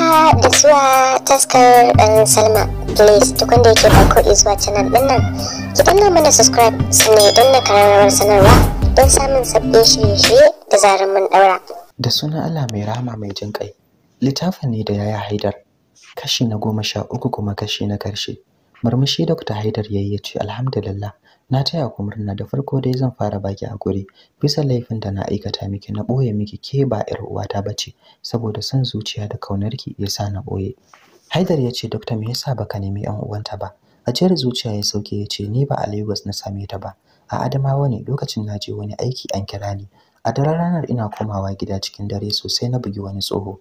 haka ah, da zuwa taskar ɗan um, salma please duk wanda yake farko izuwa canal ɗin nan ki danna mana subscribe sannan don na kararrawar sanarwa don samun sabbin shirye-shirye da zarar mun ɗaura da sunan allah mai rahama mai jin kai littafin ne da yaya haidar kashi na goma sha uku kuma kashi na karshe murmushi dokta haidar yayi ya ce alhamdulillah na taya ku murna da farko dai zan fara baki a guri. bisa laifin da na aikata miki na boye miki ke ba ƴar uwata ce, saboda son zuciya da ya sa na boye Haidar ya ce dokta me yasa baka nemi ƴan uwanta ba A ajiyar zuciya ya sauke ya ce ni ba a Lagos na same ta ba a Adamawa ne lokacin na je wani aiki an kira ni a daren ranar ina komawa gida cikin dare sosai na bugi wani tsoho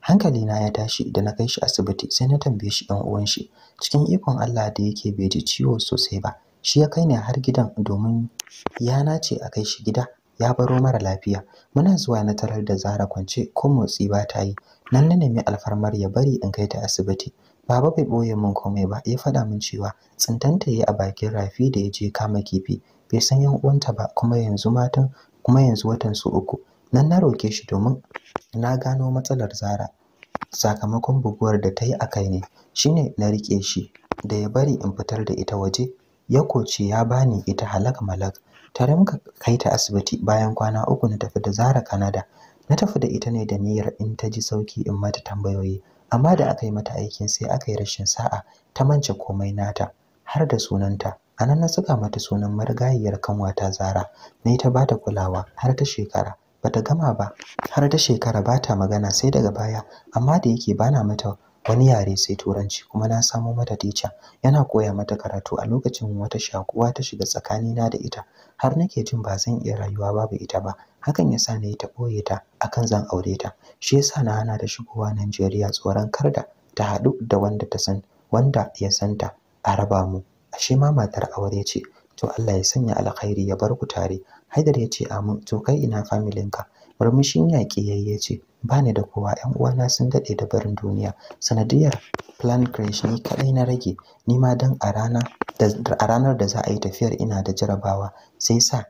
hankali na ya tashi da na kai shi asibiti sai na tambaye shi ɗan uwan shi cikin ikon Allah da yake bai ji ciwo sosai ba shi ya kai ni har gidan domin ya nace a kai shi gida ya baro mara lafiya muna zuwa na tarar da Zara kwance ko motsi ba ta yi nan na nemi alfarmar ya bari in kai ta asibiti baba bai boye min komai ba ya faɗa min cewa tsintanta yi a bakin rafi da ya je kama kifi bai san yan uwanta ba kuma yanzu matan kuma yanzu watan su uku nan na roke shi domin na gano matsalar Zara sakamakon buguwar da ta yi a kai ne shine na rike shi da ya bari in fitar da ita waje ya koce ya bani ita halak malak ta rinka kai ta asibiti bayan kwana uku na tafi da Zara Canada na tafi da ita ne da niyyar in ta ji sauki in mata tambayoyi amma da aka yi mata aikin sai aka yi rashin sa'a ta mance komai nata har da sunanta anan na saka mata sunan marigayiyar kanwata Zara na ta bata kulawa har ta shekara bata gama ba har ta shekara bata magana sai daga baya amma da yake bana mata wani yare sai turanci kuma na samo mata teacher yana koya mata karatu a lokacin wata shakuwa ta shiga tsakani na da ita har nake jin ba zan iya rayuwa babu ita ba hakan yasa na yi ta boye ta akan zan aure ta shi yasa na hana da shigowa Najeriya tsoron karda ta haɗu da wanda ta san wanda ya santa a raba mu ashe ma matar aure ce to Allah ya sanya alkhairi ya bar ku tare Haidar ya ce amin to kai ina familinka murmushin yaƙi yayye ce bani da kowa ƴan uwana sun dade da barin duniya sanadiyar plan crash ni kadai na rage ni ma dan a rana da a ranar da za a yi tafiyar ina da jarabawa sai sa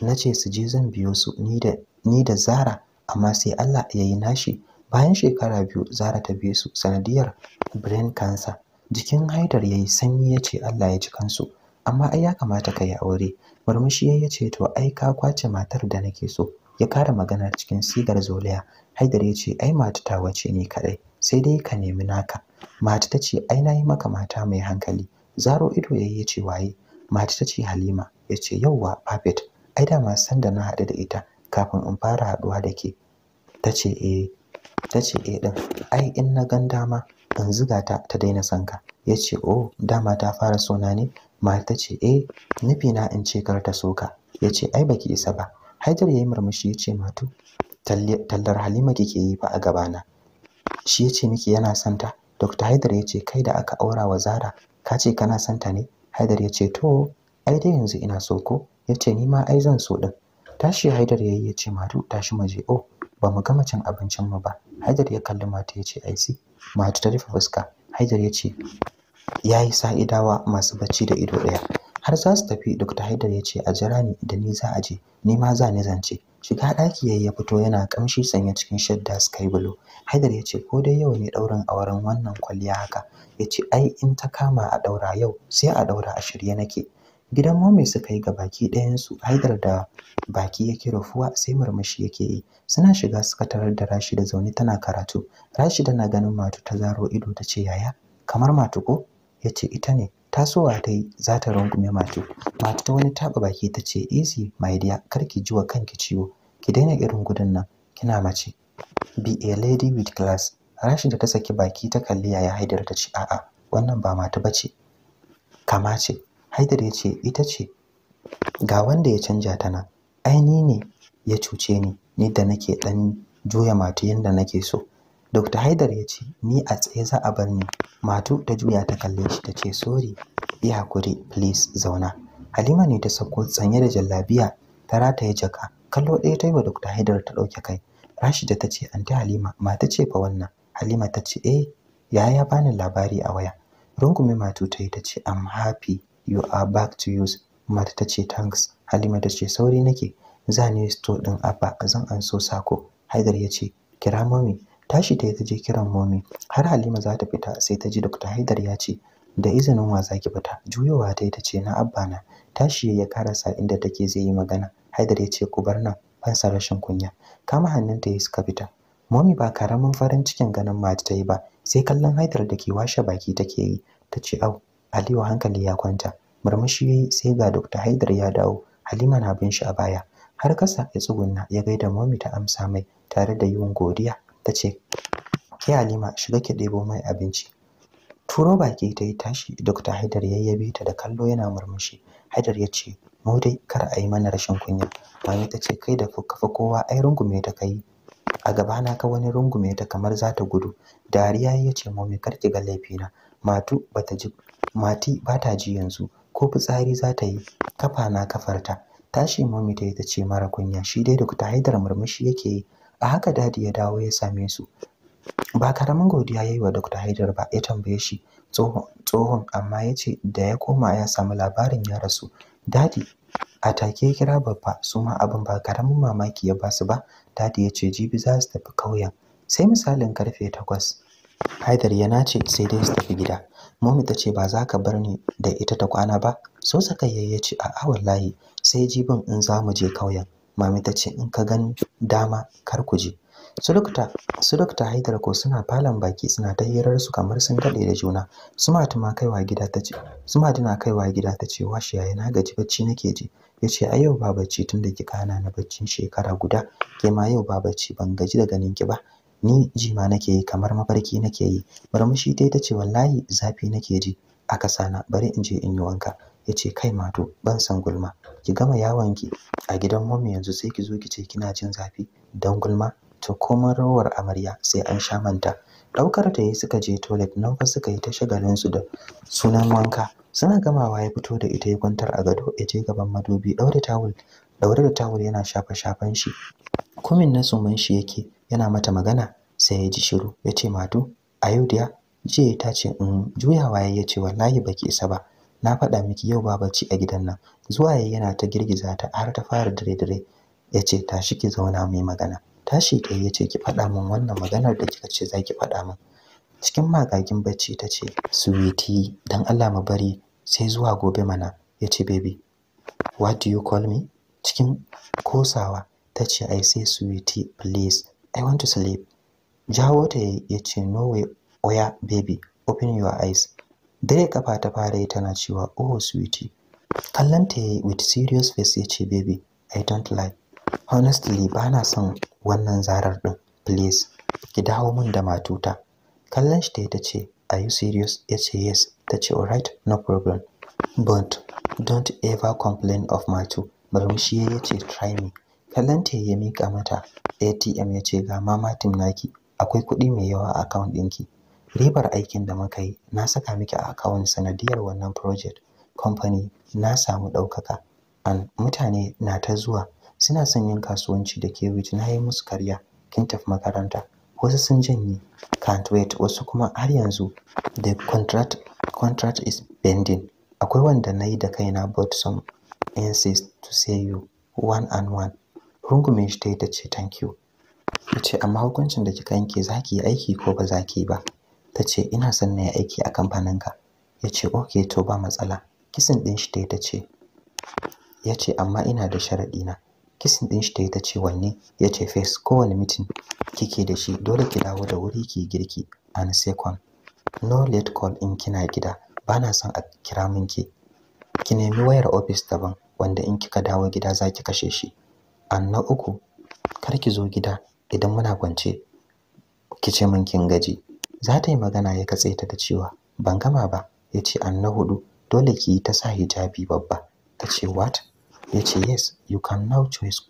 na ce su je zan biyo su ni da ni da Zara amma sai Allah ya yi nashi bayan shekara biyu Zara ta biyo su sanadiyar brain cancer jikin Haidar yayi sanyi yace Allah ya ji kansu amma ai ya kamata ka yi aure murmushi yayi yace to ai ka kwace matar da nake so ya kara magana cikin sigar zoliya haidar ya ce ai mata ta wace ne kaɗai sai dai ka nemi naka mata ta ce ai na yi maka mata mai hankali zaro ido ya yi ce waye mata ta ce halima ya ce yauwa papet ai dama san da na haɗu da ita kafin in fara haɗuwa da ke ta ce eh, eh ɗin ai in na gan dama in ziga ta ta daina sanka ya ce oh dama ta fara sona ne mata ta ce eh nufi na in ce kar ta soka ya ce ai baki isa ba Haidar ya yi murmushi ya ce matu tallar Halima kike yi ba a gabana. Shi ya ce miki yana santa. Dr. Haidar ya ce kai da aka aura wa Zara ka ce kana santa ne? Haidar ya ce to ai dai yanzu ina so ko? Ya ce ni ma ai zan so din. Tashi Haidar ya yi ya ce matu tashi mu je oh ba mu gama cin abincin mu ba. Haidar ya kalli mata ya ce ai si. Matu ta rufe fuska. Haidar ya ce ya yi sa'idawa masu bacci da ido ɗaya. har za su tafi Dr. Haidar ya ce a jira ni da ni za a je ni ma za ni zance shiga ɗaki yayi ya fito yana kamshi sanya cikin shadda sky blue Haidar ya ce ko dai yau ne ɗaurin auren wannan kwalliya haka ya ce ai in ta kama a ɗaura yau sai a ɗaura a shirye nake gidan momi suka yi baki ɗayansu haidar da baki yake rufuwa sai murmushi yake yi suna shiga suka tarar da rashida zaune tana karatu rashida na ganin matu ta zaro ido ta ce yaya kamar matu ko ya ce ita ne tasowa ta yi za ta rungume matu matu ta wani taɓa baki ta ce easy my dear kar ki ji wa kanki ciwo ki daina irin gudun nan kina mace be a lady with class Rashin da ta saki baki ta kalli yaya Haidar ta ce a'a wannan ba mata bace kama ce Haidar ya ce ita ce ga wanda ya canja ta na aini ne ya cuce ni ni da nake dan juya mata yanda nake so Dr. Haidar ya ce ni a tsaye za a bar ni. Matu ta juya ta kalle shi ta ce sorry, yi hakuri please zauna. Halima ne ta sauko sanye da jallabiya ta rataye jaka. Kallo ɗaya ta yi wa Dr. Haidar ta ɗauke kai. Rashida ta ce anti Halima mata ce fa wannan. Halima ta ce eh yaya bani labari a waya. Rungumi Matu ta yi ta ce I'm happy you are back to use. Mata ta ce thanks. Halima ta ce sauri nake. Za ni store ɗin abba zan an so sako. Haidar ya ce kira mami tashi ta yi ta je kiran momi har halima za ta fita sai ta ji dr haidar ya ce da izinin wa zaki fita juyowa ta yi ta ce na abba na tashi ya karasa inda take zai yi magana haidar ya ce ku bar nan fansa rashin kunya kama hannunta ya suka fita momi ba karamin farin cikin ganin mata ta yi ba sai kallon haidar da ke washe baki take yi ta ce au aliyu hankali ya kwanta murmushi ya yi sai ga dr haidar ya dawo halima na bin shi a baya har kasa ya tsugunna ya gaida momi ta amsa mai tare da yiwon godiya ta ce ke halima shiga ki ɗebo mai abinci turo baki ta yi tashi dokta haidar yayyabe ta da kallo yana murmushi haidar ya ce mu dai kar a yi mana rashin kunya mami ta ce kai da kafa kowa ai rungume ta kai a gabana ka wani rungume ta kamar za ta gudu dariya ya ce mami kar ki ga laifina matu bata ji mati ba ta ji yanzu ko fitsari za ta yi kafa na kafarta tashi mami ta yi ta ce mara kunya shi dai dokta haidar murmushi yake yi a haka dadi ya dawo ya same su ba karamin godiya yayi wa Dr. Haidar ba ya tambaye shi tsohon amma ya ce da ya koma ya samu labarin ya rasu dadi a take kira babba su ma abin ba karamin mamaki ya basu ba dadi ya ce jibi za su tafi kauyen sai misalin karfe takwas Haidar ya nace sai dai su tafi gida Momi ta ce ba za ka bar ni da ita ta kwana ba so sakayya ya ce a'a wallahi sai jibin in za mu je kauyen mami ta ce in ka gani dama kar ku je su dokta haidar ko suna falon baki suna ta hirar su kamar sun daɗe da juna suma ma kaiwa gida ta ce tuna kaiwa gida ta ce yaya na gaji bacci nake ji ya ce a yau ba bacci tun da kika kana na baccin shekara guda ke ma yau ba bacci ban gaji da ganin ki ba ni jima nake yi kamar mafarki nake yi murmushi dai ta ce wallahi zafi nake ji a kasana bari in je in yi wanka ya ce kai mato ban san gulma ki gama yawon ki a gidan mummy yanzu sai ki zo ki ce kina jin zafi dan gulma to komai rawar amarya sai an sha manta daukar ta yi suka je toilet nan fa suka yi ta shagalin su da sunan wanka suna gamawa ya fito da ita ya kwantar a gado ya je gaban madubi daure tawul daure da tawul yana shafa shafan shi kumin na suman shi yake yana mata magana sai ya ji shiru ya ce matu a yau diya jiya ta ce in juyawa ya ce wallahi baki isa ba na faɗa miki yau ba bacci a gidan nan zuwa yayi yana ta girgiza ta har ta fara dare dire yace tashi ki zauna mu yi magana tashi ta yace ki faɗa min wannan maganar da kika ce zaki faɗa min cikin magagin bacci ta ce suwiti, dan Allah mu bari sai zuwa gobe mana yace baby what do you call me cikin kosawa ta ce i say Suwiti, please i want to sleep jawo ta yace no way oya baby open your eyes dare kafa ta fara yi tana cewa oh sweetie ta yayi with serious face ya ce baby i don't like honestly ba na son wannan zarar din please ki dawo min da matuta kallon shi ta ce are you serious ya ce yes ta ce alright no problem but don't ever complain of matu murmushi ya ce try me kallon ta ya mika mata atm ya ce ga mama naki akwai kuɗi mai yawa a account ɗinki ribar aikin da muka yi na saka miki a account sanadiyar wannan project company na samu ɗaukaka an mutane na ta zuwa suna son yin kasuwanci da ke na yi musu karya kin tafi makaranta wasu sun janye can't wait wasu kuma har yanzu the contract contract is pending akwai wanda na yi da kaina but some insist to say you one and one rungume shi ta yi ta ce thank you ta ce amma hukuncin da kika yanke zaki yi aiki ko ba zaki ba ta ce ina son na yi aiki a kamfaninka ya ce ok to ba matsala kisin ɗin shi ta yi ce ya ce amma ina da sharaɗi na kisin ɗin shi ta yi ta ce wanne ya ce face kowane mitin kike da shi dole ki dawo da wuri ki girki an second no late call in kina gida ba na son a kira min ki ki nemi wayar ofis daban wanda in kika dawo gida za ki kashe shi A na uku kar ki zo gida idan muna kwance ki ce min kin gaji za ta yi magana ya katse ta da cewa ban gama ba ya ce an na hudu dole ki yi ta sa hijabi babba ta ce what ya ce yes you can now choose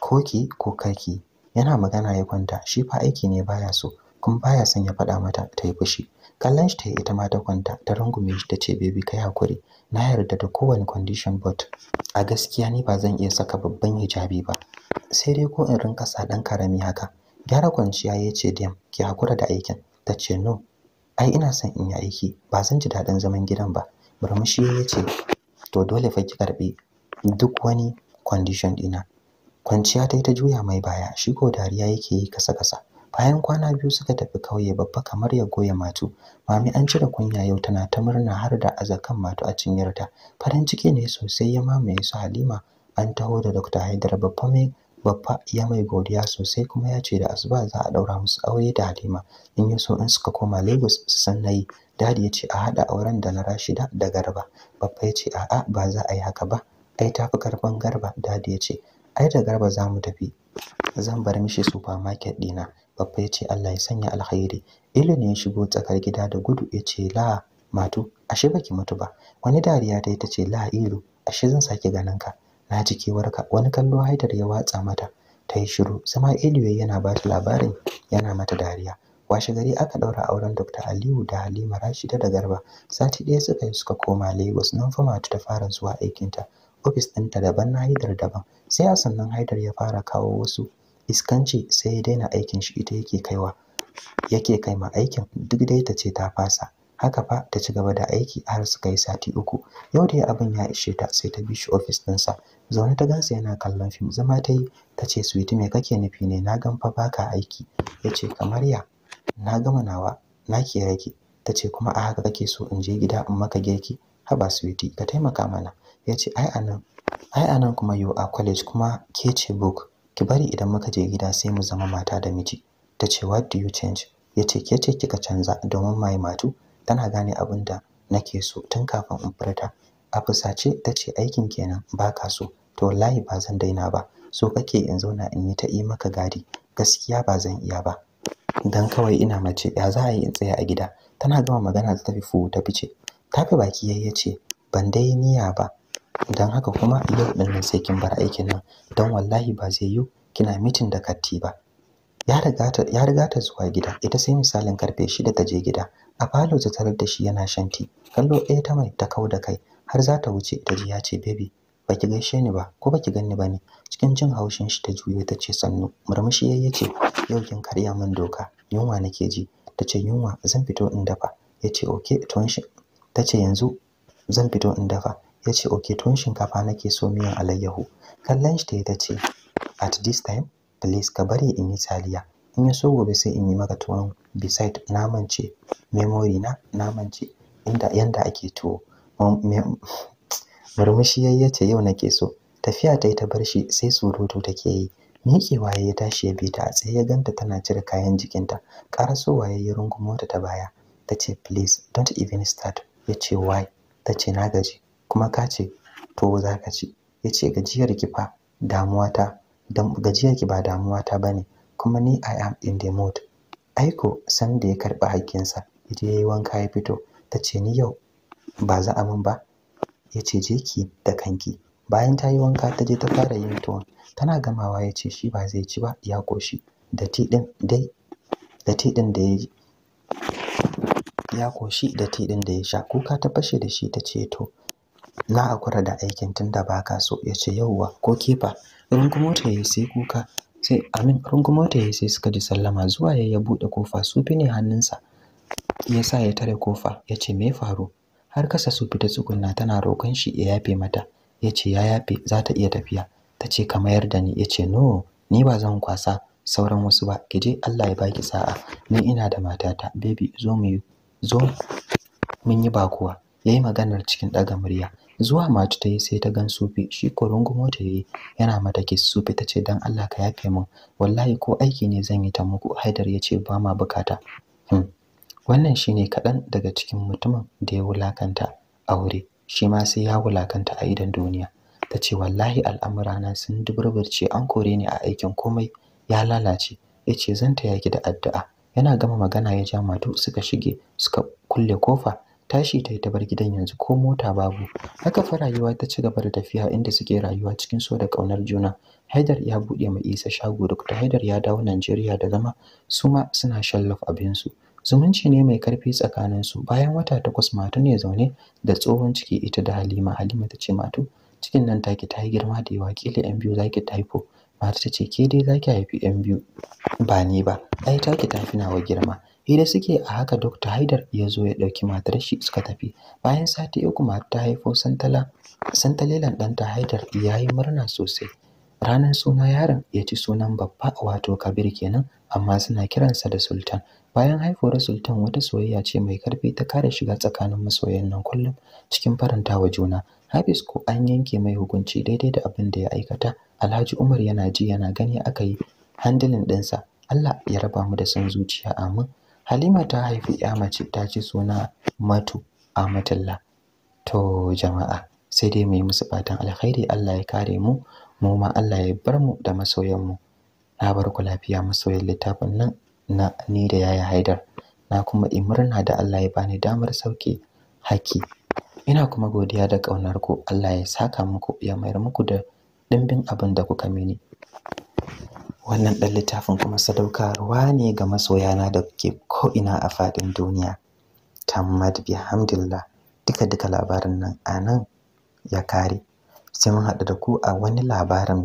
koki ko kaki yana magana ya kwanta shi fa aiki ne baya so kuma baya son ya faɗa mata ta yi fushi kallon shi ta yi ita ma ta kwanta ta rungume shi ta ce baby kai hakuri na yarda da kowane condition but a gaskiya ni ba zan iya saka babban hijabi ba sai dai ko in rinka sa dan karami haka gyara kwanciya ya ce diyam ki hakura da aikin ta ce no ai ina son in yi aiki ba zan ji daɗin zaman gidan ba murmushi ya ce to dole fa ki karɓi duk wani condition dina. kwanciya ta ta juya mai baya shi ko dariya yake yi kasa kasa bayan kwana biyu suka tafi kauye babba kamar ya goya matu mami an cire kunya yau tana ta murna har da azakan matu a cinyarta farin ciki ne sosai ya mamaye su halima an taho da dr haidar babba mai Baffa ya mai godiya sosai kuma ya ce da asuba za a daura musu aure da Halima in ya so in suka koma Lagos su san nayi dadi ya ce a haɗa auren da na Rashida da Garba Baffa ya ce a'a ba za a yi haka ba ai ta fi karban Garba dadi ya ce ai da Garba za mu tafi zan bar mishi supermarket dina Baffa ya ce Allah ya sanya alkhairi Ilu ne ya shigo tsakar gida da gudu ya ce la matu ashe baki mutu ba wani dariya dai ta ce la Ilu ashe zan sake ganin ka na ji warka wani kallo haidar ya watsa mata ta yi shiru zama eliyo yana ba ta labarin yana mata dariya washe gari aka daura auren dr aliyu da halima rashida da garba sati ɗaya suka yi suka koma lagos nan fa matu ta fara zuwa aikinta ofis ɗinta daban na haidar daban sai a sannan haidar ya fara kawo wasu iskanci sai ya daina aikin shi ita yake kaiwa yake kai ma aikin duk dai ta ce ta fasa haka fa ta ci gaba da aiki har suka yi sati uku yau da abin ya ishe ta sai ta bi shi ofis ɗinsa zaune ta gasa yana kallon fim zama ta yi ta ce suwiti me kake nufi ne na gan fa baka aiki ya ce kamar ya na gama nawa na ke rage ta ce kuma a haka kake so in je gida in maka girki haba suwiti ka taimaka mana ya ce ai anan ai anan kuma yo a college kuma ke ce book ki bari idan muka je gida sai mu zama mata da miji ta ce what do you change ya ce ke ce kika canza domin mai matu tana gane abin da nake so tun kafin in furta a fusace ta ce aikin kenan baka so to wallahi ba zan daina ba so kake in zauna in yi ta yi maka gadi gaskiya ba zan iya ba dan kawai ina mace ya za a yi in tsaya a gida tana gama magana ta tafi fu ta fice Ta fi baki yayi ce ban dai niyya ba dan haka kuma yau din nan sai kin bar aikin nan dan wallahi ba zai yiwu kina mitin da katti ba ya riga ta zuwa gida ita sai misalin karfe shida ta je gida a falo ta tarar da shi yana shanti, kallo ɗaya ta mai ta kau da kai har za ta wuce ta ji ya ce baby baki gaishe ni ba ko baki ganni ba ne cikin jin haushin shi ta juyo ta ce sannu murmushi ya ce yau kin karya min doka yunwa nake ji ta ce yunwa zan fito in dafa ya ce oke tuwon shi ta ce yanzu zan fito in dafa ya ce oke tun shinkafa nake so miyan alayyahu kallon shi ta yi ta ce at this time please ka bari in yi taliya in ya so gobe sai in yi maka tuwon beside na mance memory na na mance inda yanda ake tuwo murmushi yayi ce yau nake so tafiya ta yi ta bar shi sai surutu take yi miƙewa ya tashi ya bi ta a ya ganta tana cire kayan jikinta ƙarasowa ya yi rungumo ta ta baya ta ce please don't even start ya ce why ta ce na gaji kuma ka ce to za ka ci ya ce gajiyar ki damuwata gajiyar ki ba damuwata ba ne kuma ni I am in the mood. Aiko san da ya karɓi haƙƙinsa ya yayi wanka ya fito ta ce ni yau ba za a min ba ya ce je ki da kanki bayan ta yi wanka ta je ta fara yin tuwon tana gamawa ya ce shi ba zai ci ba ya koshi da ɗin dai da ɗin da ya ya koshi da ɗin da ya sha kuka ta fashe da shi ta ce to na akwara da aikin tun da baka so ya ce yauwa ko kefa in kuma ta yi sai kuka sai amin rungumo ta yi sai suka ji sallama zuwa ya ya buɗe kofa sufi ne hannunsa ya sa ya tare kofa ya ce me faru har kasa sufi ta tsugunna tana roƙon shi ya yafe mata ya ce ya yafe za ta iya tafiya ta ce ka mayar da ni ya ce no ni ba zan kwasa sauran wasu ba ki je Allah ya baki sa'a ni ina da matata baby zo mu zo mun yi bakuwa yayi maganar cikin ɗaga murya zuwa matu ta yi sai ta gan sufi shi ko mota ta yi yana mata kiss sufi ta ce dan Allah ka yafe min wallahi ko aiki ne zan yi ta muku haidar ya ce ba ma bukata hmm. wannan shine kaɗan daga cikin mutumin da ya wulakanta aure shi ma sai ya wulakanta a idan duniya ta ce wallahi al'amura na sun duburburce an kore ni a aikin komai ya lalace ya ce zan taya ki da addu'a yana gama magana ya ja matu suka shige suka kulle kofa tashi ta yi ta bar gidan yanzu ko mota babu haka fa rayuwa ta ci gaba da tafiya inda suke rayuwa cikin so da ƙaunar juna haidar ya buɗe ma isa shago da haidar ya dawo najeriya da zama su ma suna shallaf abinsu zumunci ne mai karfi tsakanin su bayan wata takwas matu ne zaune da tsohon ciki ita da halima halima ta ce matu cikin nan ki ta yi girma da yawa kila yan biyu zaki ta haifo matu ta ce ke dai zaki haifi yan biyu ba ni ba ai taki ta fi nawa girma hira suke a haka Dr. Haidar ya zo ya ɗauki matar shi suka tafi bayan sati uku matar ta haifo santala santalelan ɗanta Haidar ya yi murna sosai ranar suna yaron ya ci sunan babba wato Kabir kenan amma suna kiransa da Sultan bayan haifuwar Sultan wata soyayya ce mai karfi ta kare shiga tsakanin masoyan nan kullum cikin farantawa juna Hafiz ko an yanke mai hukunci daidai da abin da ya aikata Alhaji Umar yana ji yana gani aka yi handilin ɗinsa Allah ya raba mu da son zuciya amin Halima ta haifi ya mace ta ci suna Matu Amatullah. To jama'a sai dai mu yi musu fatan alkhairi Allah ya kare mu mu ma Allah ya bar mu da masoyan mu. Na bar ku lafiya masoyan littafin nan na ni da yaya Haidar. Na kuma yi murna da Allah ya bani damar sauke haki. Ina kuma godiya da ƙaunar ku Allah ya saka muku ya mayar muku da dimbin abin da kuka mini. wannan ɗan littafin kuma sadaukarwa ne ga masoyana da ke ko'ina a faɗin duniya tammad bihamdillah duka duka labarin nan a nan ya kare sai mun haɗu da ku a wani labarin